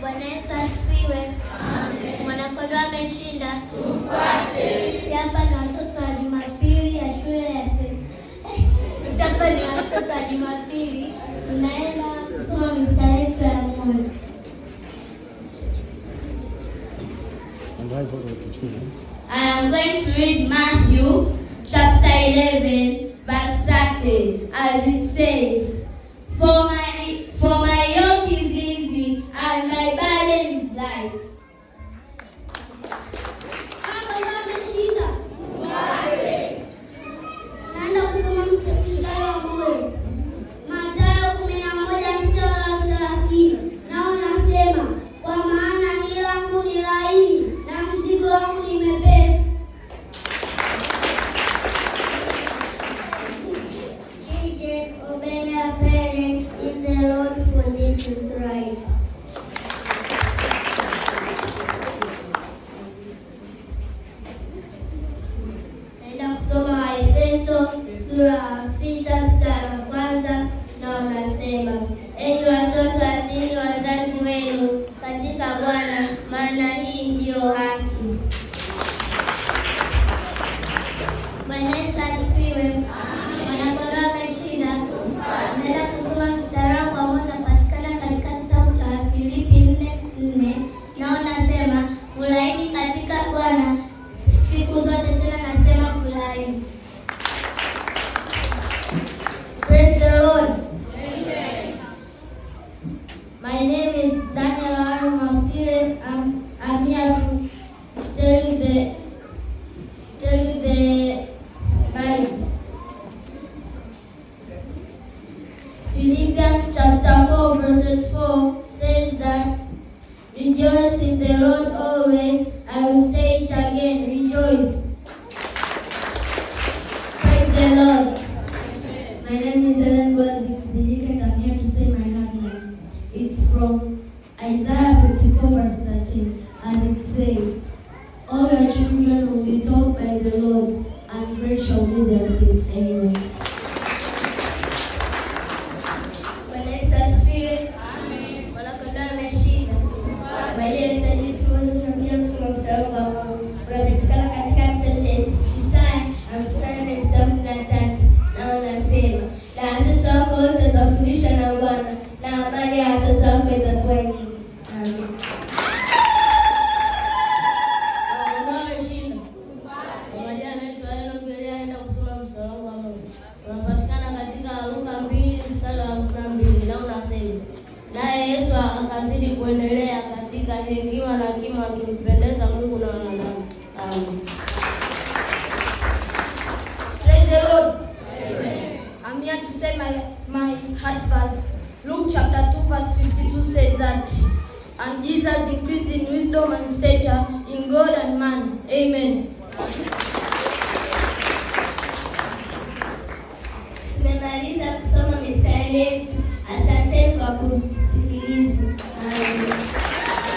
Bwana Yesu asifiwe. Mwanakondoo ameshinda. Sisi hapa ni watoto wa Jumapili ya shule ya hapa eh, ni watoto wa Jumapili, tunaenda kusoma mistari yetu ya moyo. I'm going to read Matthew chapter 11 verse 13 as it Amen. the Lord always. I will say it again, rejoice. Praise the Lord. My name is Ellen Boazik and I'm here to say my headline. It's from Isaiah 54 verse 13 and it says, All your children will be taught by the Lord and great shall be their peace. Amen. kuendelea katika hekima na hekima akimpendeza Mungu na wanadamu. Amen. Praise the Lord. Amen. I'm here to say my, my heart verse. Luke chapter 2 verse 52 says that and Jesus increased in wisdom and stature in God and man. Amen. Tumemaliza kusoma mistari yetu. Asanteni kwa